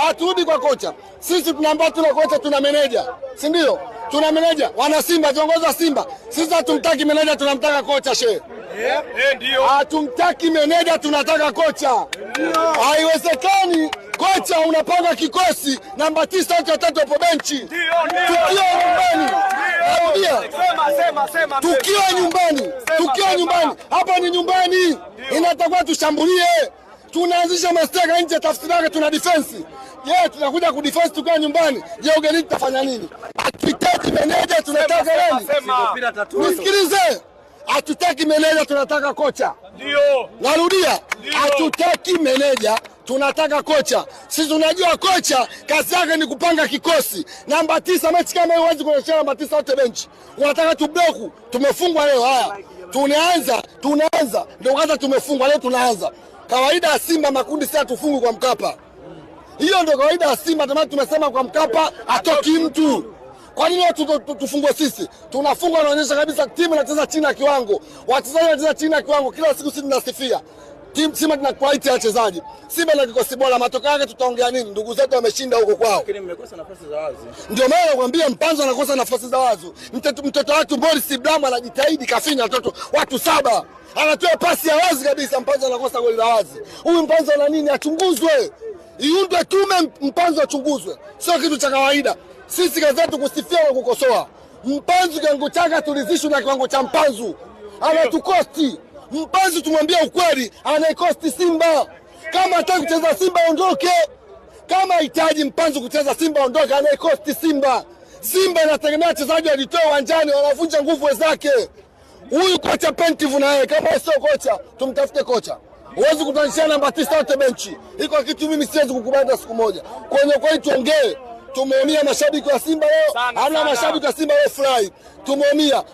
haturudi kwa kocha. Sisi tunaambia tuna kocha, tuna meneja, si ndio? Tuna meneja wana Simba, viongozi wa Simba. Sisi hatumtaki meneja, tunamtaka kocha shehe. Eh, hatumtaki meneja, tunataka kocha. Haiwezekani kocha unapanga kikosi namba tisa, watu watatu hapo benchi. Tukiwa nyumbani, tukiwa nyumbani, tukiwa nyumbani, hapa ni nyumbani, inatakuwa tushambulie tunaanzisha mastaka nje, tafsiri yake tuna defense. Je, tunakuja ku defense tukiwa nyumbani? Je, ugenini tutafanya nini? Hatutaki meneja, tunataka nani? Nisikilize, hatutaki meneja, tunataka kocha. Ndio, narudia, hatutaki meneja tunataka kocha. Sisi tunajua kocha kazi yake ni kupanga kikosi. Namba tisa, mechi kama hiyo huwezi kuonyesha namba tisa wote benchi, unataka tubloku. Tumefungwa leo, haya tunaanza, tunaanza ndio kwanza tumefungwa leo, tunaanza Kawaida ya Simba makundi si atufungwi kwa Mkapa, hiyo ndio kawaida ya Simba. Tamani tumesema kwa Mkapa atoki mtu. Kwa nini tufungwe sisi? Tunafungwa, naonyesha kabisa timu inacheza chini ya kiwango, wachezaji wanacheza chini ya kiwango. Kila siku sisi tunasifia timu Simba tuna quality ya wachezaji. Simba na kikosi bora, matokeo yake tutaongea nini? Ndugu zetu wameshinda huko kwao, lakini mmekosa nafasi za wazi. Ndio maana nakwambia Mpanzo anakosa nafasi za wazi. Mtoto mtoto wetu Boris Ibrahim anajitahidi, kafinya watoto watu saba, anatoa pasi ya wazi kabisa, Mpanzo anakosa goli la wazi. Huyu Mpanzo ana nini? Achunguzwe, iundwe tume, Mpanzo achunguzwe, sio kitu cha kawaida. Sisi kazi yetu kusifia na kukosoa. Mpanzo kiwango chake tulizishwe na kiwango cha Mpanzu, anatukosti mpanzi, tumwambia ukweli, anaikosti Simba. Kama hataki kucheza Simba aondoke. Kama hahitaji mpanzi kucheza Simba aondoke, anaikosti Simba. Simba inategemea wachezaji walitoa uwanjani, wanavunja nguvu wenzake. Huyu kocha Pentiv yeye, kama sio kocha, tumtafute kocha. Huwezi kutanishia namba tisa yote benchi. Iko kitu mimi siwezi kukubali siku moja. Kwenye kweli tuongee, tumeumia mashabiki wa Simba leo. Hamna mashabiki wa Simba leo, furahi, tumeumia.